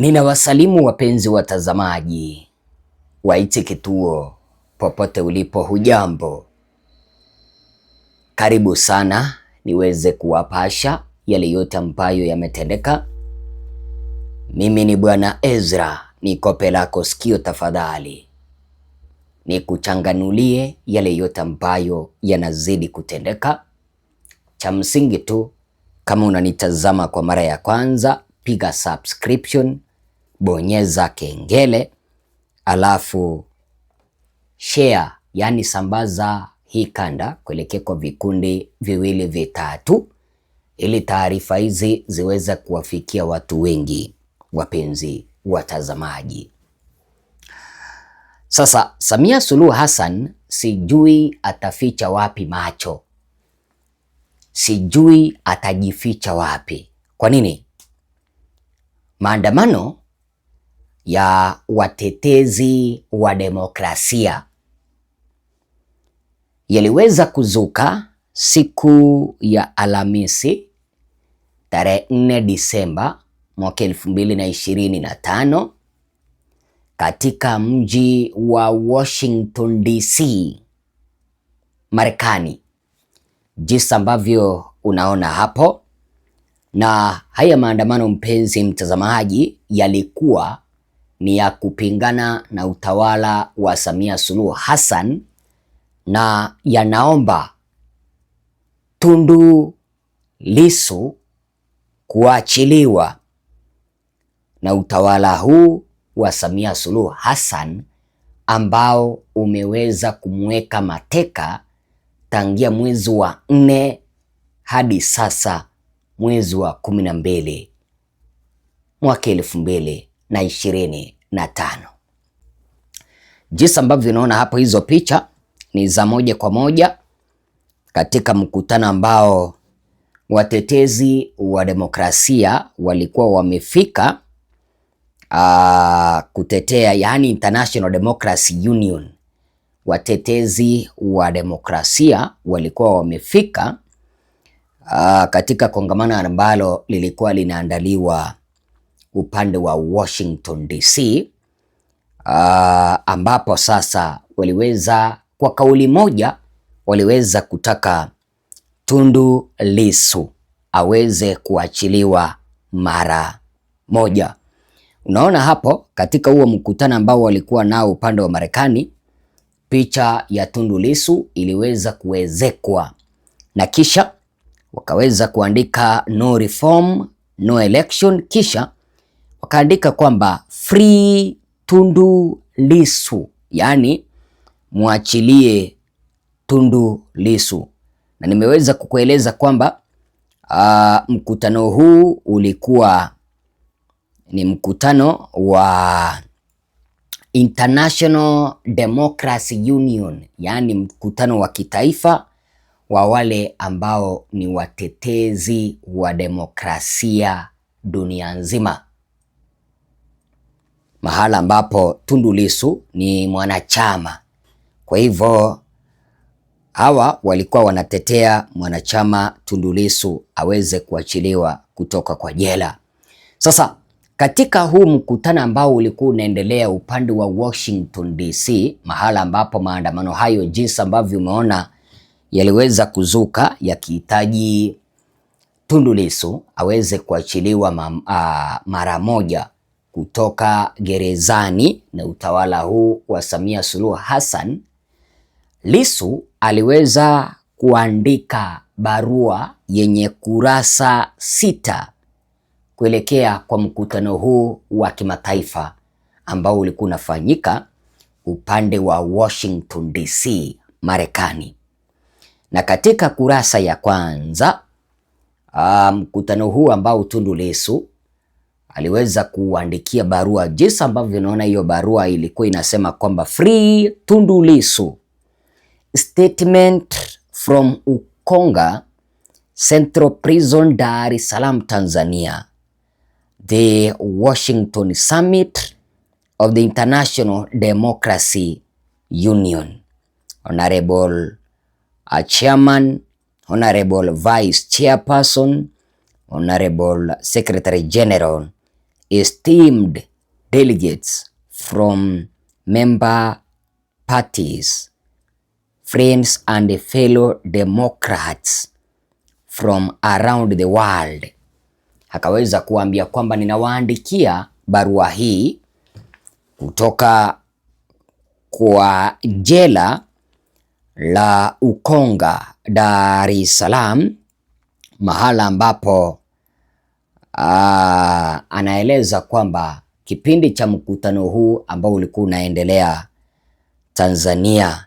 Ninawasalimu wapenzi watazamaji wa hichi kituo popote ulipo, hujambo? Karibu sana niweze kuwapasha yale yote ambayo yametendeka. Mimi ni Bwana Ezra, ni kope lako sikio tafadhali, nikuchanganulie yale yote ambayo yanazidi kutendeka. Cha msingi tu, kama unanitazama kwa mara ya kwanza, piga subscription bonyeza kengele, alafu share, yani sambaza hii kanda kuelekea kwa vikundi viwili vitatu, ili taarifa hizi ziweze kuwafikia watu wengi, wapenzi watazamaji. Sasa Samia Suluhu Hassan sijui ataficha wapi macho, sijui atajificha wapi. Kwa nini maandamano ya watetezi wa demokrasia yaliweza kuzuka siku ya Alhamisi tarehe 4 Disemba mwaka tano katika mji wa Washington DC, Marekani, jinsi ambavyo unaona hapo. Na haya maandamano, mpenzi mtazamaji, yalikuwa ni ya kupingana na utawala wa Samia Suluhu Hassan na yanaomba Tundu Lissu kuachiliwa na utawala huu wa Samia Suluhu Hassan ambao umeweza kumweka mateka tangia mwezi wa nne hadi sasa mwezi wa kumi na mbili mwaka elfu mbili na ishirini na tano. Jinsi ambavyo unaona hapo, hizo picha ni za moja kwa moja katika mkutano ambao watetezi wa demokrasia walikuwa wamefika uh, kutetea yani International Democracy Union. Watetezi wa demokrasia walikuwa wamefika uh, katika kongamano ambalo lilikuwa linaandaliwa upande wa Washington DC, uh, ah, ambapo sasa waliweza kwa kauli moja waliweza kutaka Tundu Lissu aweze kuachiliwa mara moja. Unaona hapo katika huo mkutano ambao walikuwa nao upande wa Marekani, picha ya Tundu Lissu iliweza kuwezekwa na kisha wakaweza kuandika no reform, no election, kisha wakaandika kwamba free Tundu lisu yaani mwachilie Tundu lisu na nimeweza kukueleza kwamba aa, mkutano huu ulikuwa ni mkutano wa International Democracy Union, yaani mkutano wa kitaifa wa wale ambao ni watetezi wa demokrasia dunia nzima mahala ambapo Tundu Lissu ni mwanachama. Kwa hivyo hawa walikuwa wanatetea mwanachama Tundu Lissu aweze kuachiliwa kutoka kwa jela. Sasa katika huu mkutano ambao ulikuwa unaendelea upande wa Washington DC, mahala ambapo maandamano hayo jinsi ambavyo umeona yaliweza kuzuka yakihitaji Tundu Lissu aweze kuachiliwa ah, mara moja kutoka gerezani na utawala huu wa Samia Suluhu Hassan, Lissu aliweza kuandika barua yenye kurasa sita kuelekea kwa mkutano huu wa kimataifa ambao ulikuwa unafanyika upande wa Washington DC, Marekani. Na katika kurasa ya kwanza ah, mkutano um, huu ambao Tundu Lissu aliweza kuandikia barua. Jinsi ambavyo unaona hiyo barua ilikuwa inasema kwamba free Tundu Lissu, statement from Ukonga Central Prison, Dar es Salaam, Tanzania. The Washington Summit of the International Democracy Union. Honorable a uh, Chairman, Honorable Vice Chairperson, Honorable Secretary General esteemed delegates from member parties, friends and fellow Democrats from around the world. Akaweza kuambia kwamba ninawaandikia barua hii kutoka kwa jela la Ukonga Dar es Salaam, mahala ambapo uh, anaeleza kwamba kipindi cha mkutano huu ambao ulikuwa unaendelea Tanzania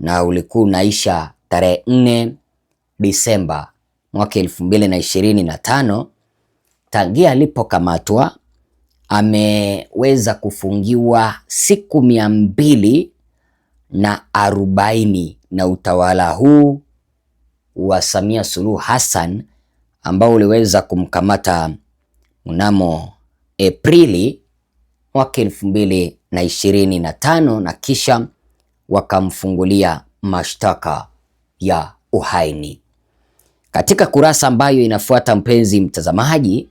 na ulikuwa unaisha tarehe 4 Disemba mwaka elfu mbili na ishirini na tano tangia alipokamatwa ameweza kufungiwa siku mia mbili na arobaini na utawala huu wa Samia Suluhu Hassan ambao uliweza kumkamata mnamo Aprili mwaka elfu mbili na ishirini na tano na kisha wakamfungulia mashtaka ya uhaini. Katika kurasa ambayo inafuata, mpenzi mtazamaji,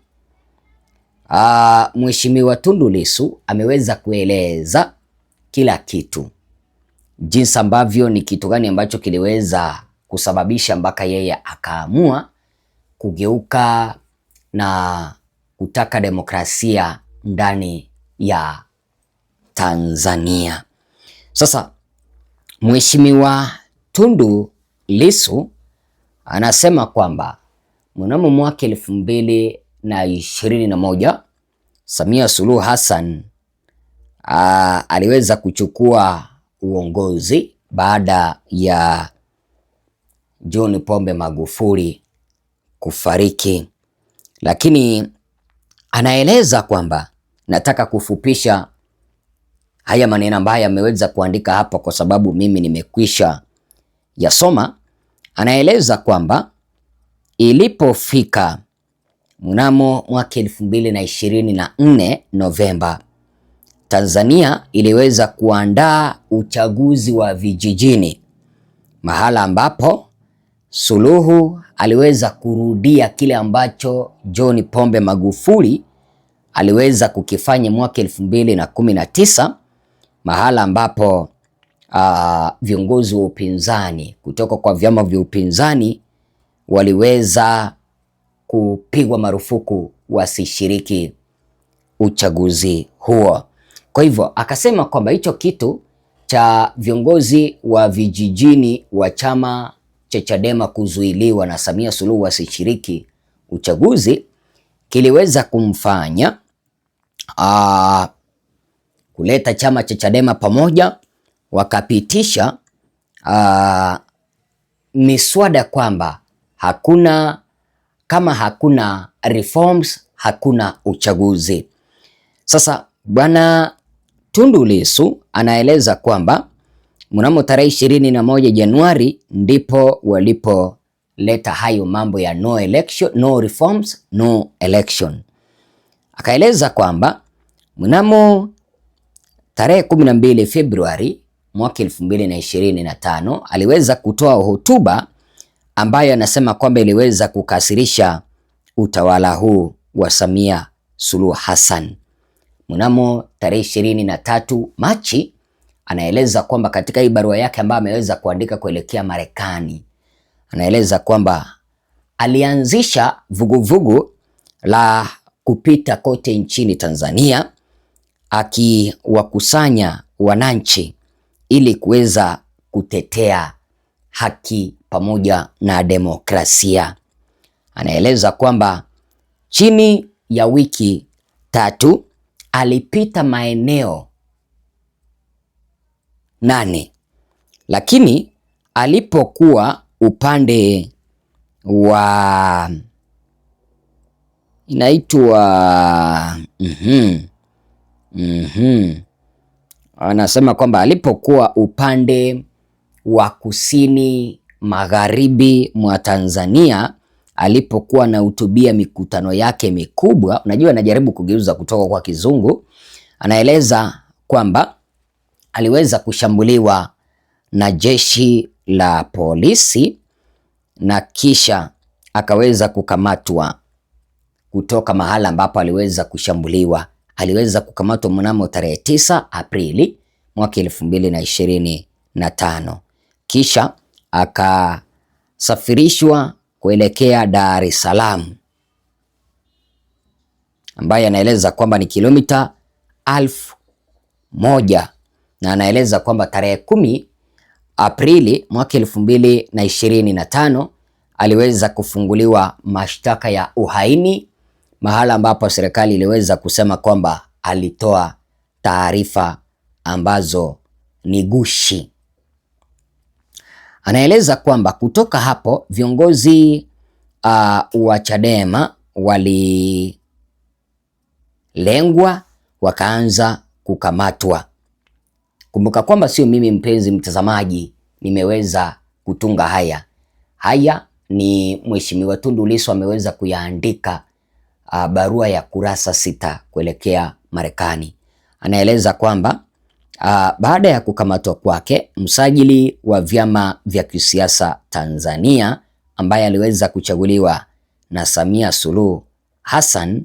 ah, Mheshimiwa Tundu Lissu ameweza kueleza kila kitu, jinsi ambavyo ni kitu gani ambacho kiliweza kusababisha mpaka yeye akaamua kugeuka na kutaka demokrasia ndani ya Tanzania. Sasa Mheshimiwa Tundu lisu anasema kwamba mnamo mwaka elfu mbili na ishirini na moja Samia Suluhu Hassan a, aliweza kuchukua uongozi baada ya John Pombe Magufuli kufariki, lakini anaeleza kwamba nataka kufupisha haya maneno ambayo ameweza kuandika hapa kwa sababu mimi nimekwisha yasoma. Anaeleza kwamba ilipofika mnamo mwaka elfu mbili na ishirini na nne Novemba, Tanzania iliweza kuandaa uchaguzi wa vijijini mahala ambapo Suluhu aliweza kurudia kile ambacho John Pombe Magufuli aliweza kukifanya mwaka elfu mbili na kumi na tisa mahala ambapo uh, viongozi wa upinzani kutoka kwa vyama vya upinzani waliweza kupigwa marufuku wasishiriki uchaguzi huo. Kwa hivyo akasema kwamba hicho kitu cha viongozi wa vijijini wa chama cha Chadema kuzuiliwa na Samia Suluhu asishiriki uchaguzi kiliweza kumfanya aa, kuleta chama cha Chadema pamoja, wakapitisha aa, miswada kwamba hakuna kama hakuna reforms hakuna uchaguzi. Sasa bwana Tundu Lissu anaeleza kwamba mnamo tarehe ishirini na moja Januari ndipo walipoleta hayo mambo ya no election, no reforms, no election. Akaeleza kwamba mnamo tarehe 12 Februari mwaka tano aliweza kutoa hotuba ambayo anasema kwamba iliweza kukasirisha utawala huu wa Samia Suluhu Hassan. Mnamo tarehe tatu Machi anaeleza kwamba katika hii barua yake ambayo ameweza kuandika kuelekea Marekani, anaeleza kwamba alianzisha vuguvugu vugu la kupita kote nchini Tanzania akiwakusanya wananchi ili kuweza kutetea haki pamoja na demokrasia. Anaeleza kwamba chini ya wiki tatu alipita maeneo nane. Lakini alipokuwa upande wa inaitwa mhm, mhm, anasema kwamba alipokuwa upande wa kusini magharibi mwa Tanzania alipokuwa anahutubia mikutano yake mikubwa. Unajua, anajaribu kugeuza kutoka kwa kizungu, anaeleza kwamba aliweza kushambuliwa na jeshi la polisi na kisha akaweza kukamatwa kutoka mahala ambapo aliweza kushambuliwa. Aliweza kukamatwa mnamo tarehe tisa Aprili mwaka elfu mbili na ishirini na tano kisha akasafirishwa kuelekea Dar es Salaam ambaye anaeleza kwamba ni kilomita alfu moja na anaeleza kwamba tarehe kumi Aprili mwaka elfu mbili na ishirini na tano aliweza kufunguliwa mashtaka ya uhaini, mahala ambapo serikali iliweza kusema kwamba alitoa taarifa ambazo ni gushi. Anaeleza kwamba kutoka hapo viongozi uh, wa Chadema walilengwa wakaanza kukamatwa Kumbuka kwamba sio mimi mpenzi mtazamaji nimeweza kutunga haya. Haya ni Mheshimiwa Tundu Lissu ameweza kuyaandika uh, barua ya kurasa sita kuelekea Marekani. Anaeleza kwamba uh, baada ya kukamatwa kwake, msajili wa vyama vya kisiasa Tanzania ambaye aliweza kuchaguliwa na Samia Suluhu Hassan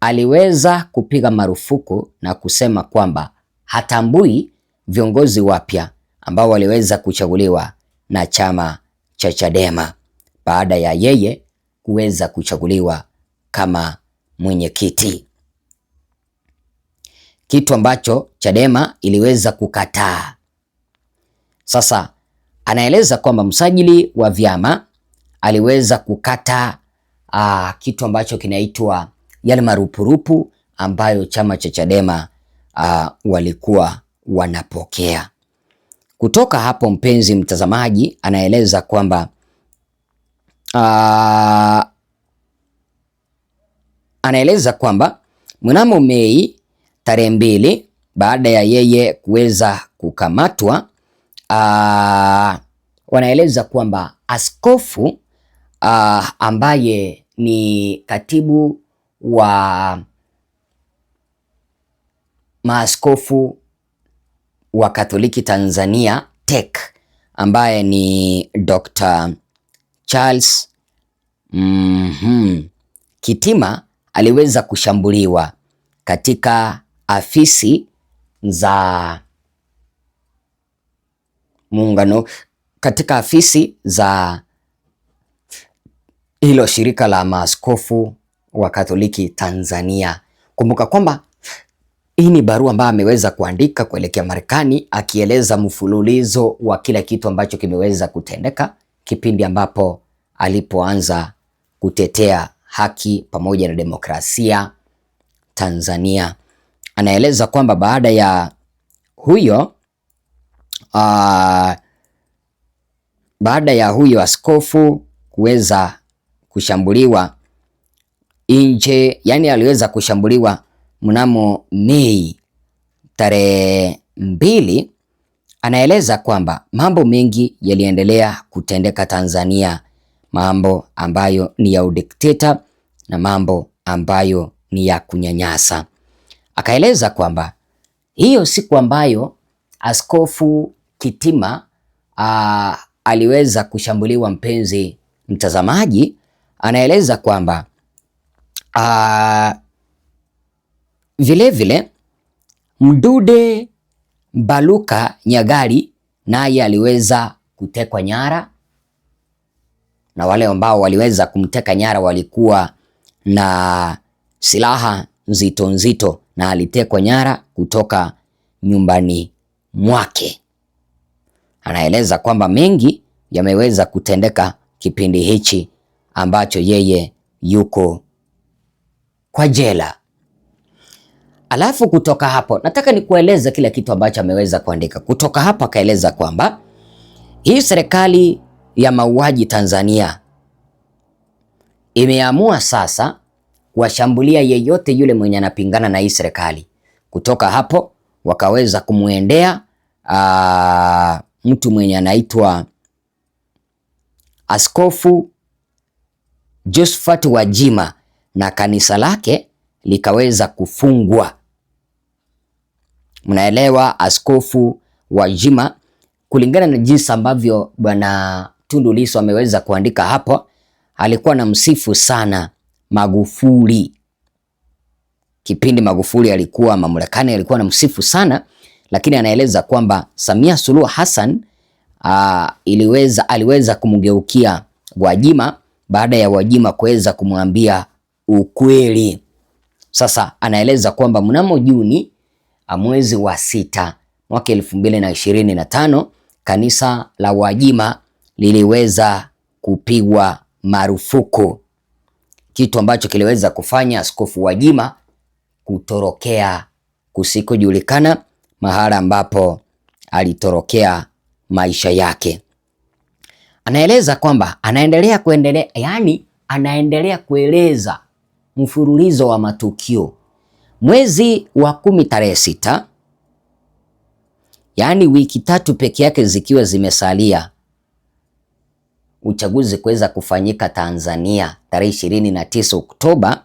aliweza kupiga marufuku na kusema kwamba hatambui viongozi wapya ambao waliweza kuchaguliwa na chama cha Chadema baada ya yeye kuweza kuchaguliwa kama mwenyekiti, kitu ambacho Chadema iliweza kukataa. Sasa anaeleza kwamba msajili wa vyama aliweza kukata aa, ah, kitu ambacho kinaitwa yale marupurupu ambayo chama cha Chadema aa, ah, walikuwa wanapokea. Kutoka hapo, mpenzi mtazamaji, anaeleza kwamba uh, anaeleza kwamba mnamo Mei tarehe mbili baada ya yeye kuweza kukamatwa uh, wanaeleza kwamba askofu uh, ambaye ni katibu wa maaskofu wa Katoliki Tanzania TEC ambaye ni Dr. Charles mm -hmm, Kitima aliweza kushambuliwa katika afisi za muungano katika afisi za hilo shirika la maaskofu wa Katoliki Tanzania. Kumbuka kwamba hii ni barua ambayo ameweza kuandika kuelekea Marekani akieleza mfululizo wa kila kitu ambacho kimeweza kutendeka kipindi ambapo alipoanza kutetea haki pamoja na demokrasia Tanzania. Anaeleza kwamba baada ya huyo uh, baada ya huyo askofu kuweza kushambuliwa nje, yani aliweza kushambuliwa mnamo Mei tarehe mbili anaeleza kwamba mambo mengi yaliendelea kutendeka Tanzania, mambo ambayo ni ya udikteta na mambo ambayo ni ya kunyanyasa. Akaeleza kwamba hiyo siku ambayo Askofu Kitima a, aliweza kushambuliwa, mpenzi mtazamaji, anaeleza kwamba Vilevile Mdude Baluka Nyagali naye aliweza kutekwa nyara, na wale ambao waliweza kumteka nyara walikuwa na silaha nzito nzito, na alitekwa nyara kutoka nyumbani mwake. Anaeleza kwamba mengi yameweza kutendeka kipindi hichi ambacho yeye yuko kwa jela. Alafu kutoka hapo nataka nikueleze kile kitu ambacho ameweza kuandika. Kutoka hapo akaeleza kwamba hii serikali ya mauaji Tanzania imeamua sasa kuwashambulia yeyote yule mwenye anapingana na hii serikali. Kutoka hapo wakaweza kumwendea mtu mwenye anaitwa Askofu Josephat Wajima na kanisa lake likaweza kufungwa mnaelewa, askofu Wajima, kulingana na jinsi ambavyo bwana Tundu Lissu ameweza kuandika hapo, alikuwa na msifu sana Magufuli kipindi Magufuli alikuwa mamlakani, alikuwa na msifu sana lakini anaeleza kwamba Samia Suluhu Hassan iliweza aliweza kumgeukia Gwajima baada ya Gwajima kuweza kumwambia ukweli. Sasa anaeleza kwamba mnamo Juni mwezi wa sita mwaka elfu mbili na ishirini na tano kanisa la Wajima liliweza kupigwa marufuku, kitu ambacho kiliweza kufanya Askofu Wajima kutorokea kusikojulikana, mahala ambapo alitorokea maisha yake. Anaeleza kwamba anaendelea kuendelea, yani anaendelea kueleza mfululizo wa matukio Mwezi wa kumi tarehe sita, yaani wiki tatu peke yake zikiwa zimesalia uchaguzi kuweza kufanyika Tanzania tarehe ishirini na tisa Oktoba,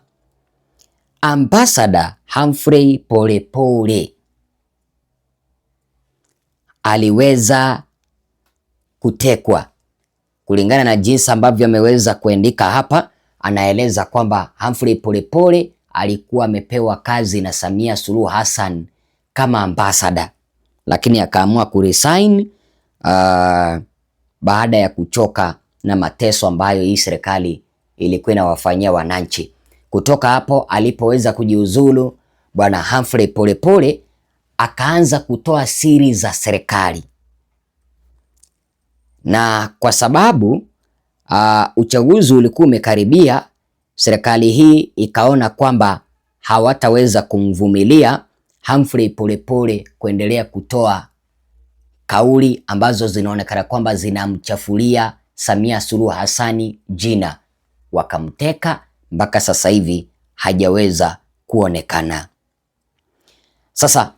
ambasada Humphrey Polepole aliweza kutekwa. Kulingana na jinsi ambavyo ameweza kuandika hapa, anaeleza kwamba Humphrey Polepole alikuwa amepewa kazi na Samia Suluhu Hassan kama ambasada, lakini akaamua kuresign uh, baada ya kuchoka na mateso ambayo hii serikali ilikuwa inawafanyia wananchi. Kutoka hapo alipoweza kujiuzulu, bwana Humphrey Polepole akaanza kutoa siri za serikali, na kwa sababu uh, uchaguzi ulikuwa umekaribia serikali hii ikaona kwamba hawataweza kumvumilia Humphrey Polepole kuendelea kutoa kauli ambazo zinaonekana kwamba zinamchafulia Samia Suluhu Hassani jina, wakamteka mpaka sasa hivi hajaweza kuonekana. Sasa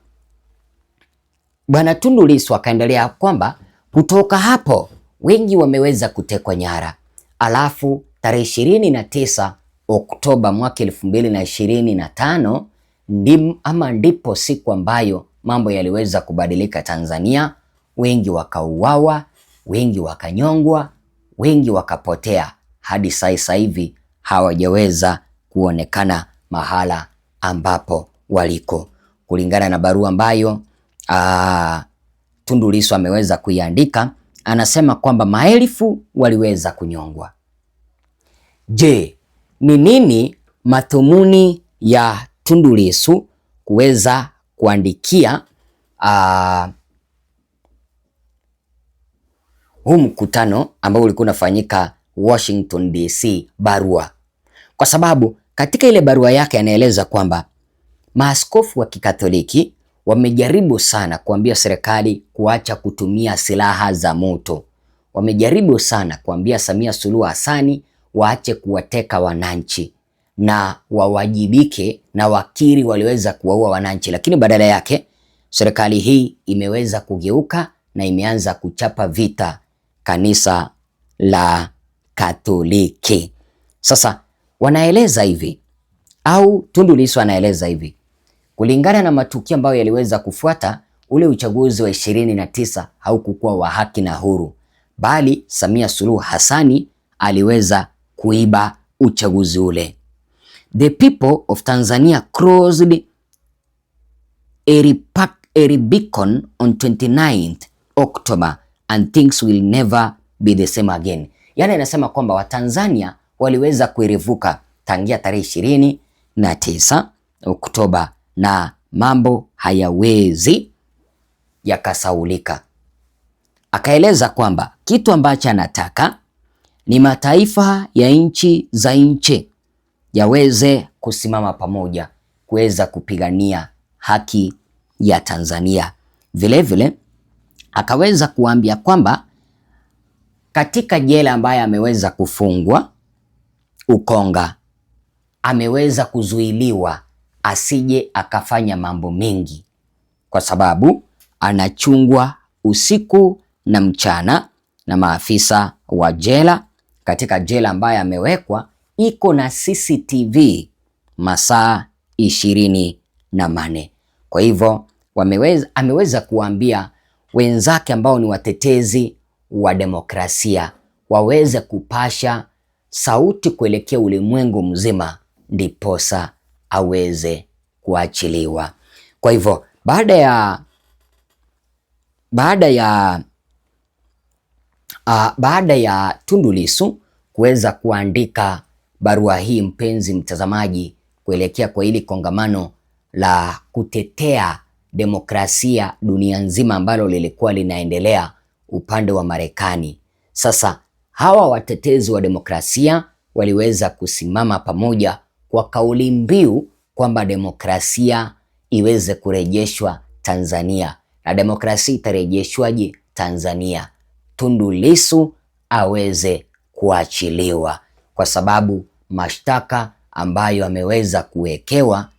bwana Tundu Lissu akaendelea kwamba kutoka hapo wengi wameweza kutekwa nyara, alafu tarehe ishirini na tisa Oktoba mwaka elfu mbili na ishirini na tano ndim, ama ndipo siku ambayo mambo yaliweza kubadilika Tanzania, wengi wakauawa, wengi wakanyongwa, wengi wakapotea, hadi sasa hivi hawajaweza kuonekana mahala ambapo waliko, kulingana na barua ambayo aa, Tundu Lissu ameweza kuiandika. Anasema kwamba maelfu waliweza kunyongwa. Je, ni nini madhumuni ya Tundu Lissu kuweza kuandikia uh, huu mkutano ambao ulikuwa unafanyika Washington DC barua, kwa sababu katika ile barua yake anaeleza kwamba maaskofu wa Kikatoliki wamejaribu sana kuambia serikali kuacha kutumia silaha za moto, wamejaribu sana kuambia Samia Suluhu Hassani waache kuwateka wananchi na wawajibike na wakiri waliweza kuwaua wananchi, lakini badala yake serikali hii imeweza kugeuka na imeanza kuchapa vita kanisa la Katoliki. Sasa wanaeleza hivi au Tundu Lissu anaeleza hivi, kulingana na matukio ambayo yaliweza kufuata, ule uchaguzi wa ishirini na tisa haukukuwa wa haki na huru, bali Samia Suluhu Hassani aliweza kuiba uchaguzi ule. The people of Tanzania crossed Eri Beacon on 29th October and things will never be the same again. Yani anasema kwamba Watanzania waliweza kuirevuka tangia tarehe ishirini na tisa Oktoba na mambo hayawezi yakasaulika. Akaeleza kwamba kitu ambacho anataka ni mataifa ya nchi za nje yaweze kusimama pamoja kuweza kupigania haki ya Tanzania. Vilevile vile, akaweza kuambia kwamba katika jela ambayo ameweza kufungwa Ukonga, ameweza kuzuiliwa asije akafanya mambo mengi, kwa sababu anachungwa usiku na mchana na maafisa wa jela katika jela ambayo amewekwa iko na CCTV masaa ishirini na mane. Kwa hivyo wameweza, ameweza kuambia wenzake ambao ni watetezi wa demokrasia waweze kupasha sauti kuelekea ulimwengu mzima, ndiposa aweze kuachiliwa. Kwa hivyo baada ya baada ya uh, baada ya Tundu Lissu kuweza kuandika barua hii, mpenzi mtazamaji, kuelekea kwa hili kongamano la kutetea demokrasia dunia nzima ambalo lilikuwa linaendelea upande wa Marekani. Sasa hawa watetezi wa demokrasia waliweza kusimama pamoja kwa kauli mbiu kwamba demokrasia iweze kurejeshwa Tanzania. Na demokrasia itarejeshwaje Tanzania? Tundu Lissu aweze kuachiliwa, kwa sababu mashtaka ambayo ameweza kuwekewa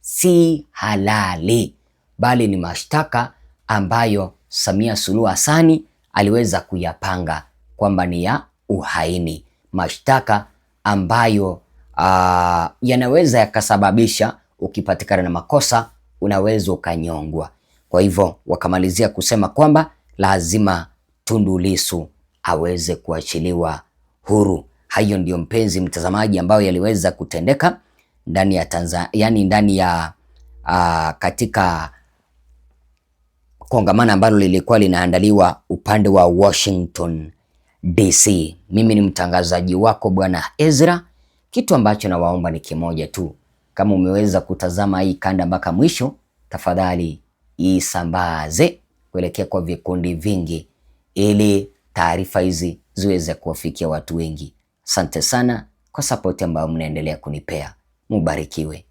si halali, bali ni mashtaka ambayo Samia Suluhu Hassani aliweza kuyapanga kwamba ni ya uhaini, mashtaka ambayo uh, yanaweza yakasababisha ukipatikana na makosa unaweza ukanyongwa. Kwa hivyo wakamalizia kusema kwamba lazima Tundu Lissu aweze kuachiliwa huru. Hayo ndiyo mpenzi mtazamaji, ambayo yaliweza kutendeka ndani ya Tanzania, yani ndani ya uh, katika kongamano ambalo lilikuwa linaandaliwa upande wa Washington DC. Mimi ni mtangazaji wako Bwana Ezra. Kitu ambacho nawaomba ni kimoja tu, kama umeweza kutazama hii kanda mpaka mwisho, tafadhali isambaze kuelekea kwa vikundi vingi, ili taarifa hizi ziweze kuwafikia watu wengi. Asante sana kwa sapoti ambayo mnaendelea kunipea. Mubarikiwe.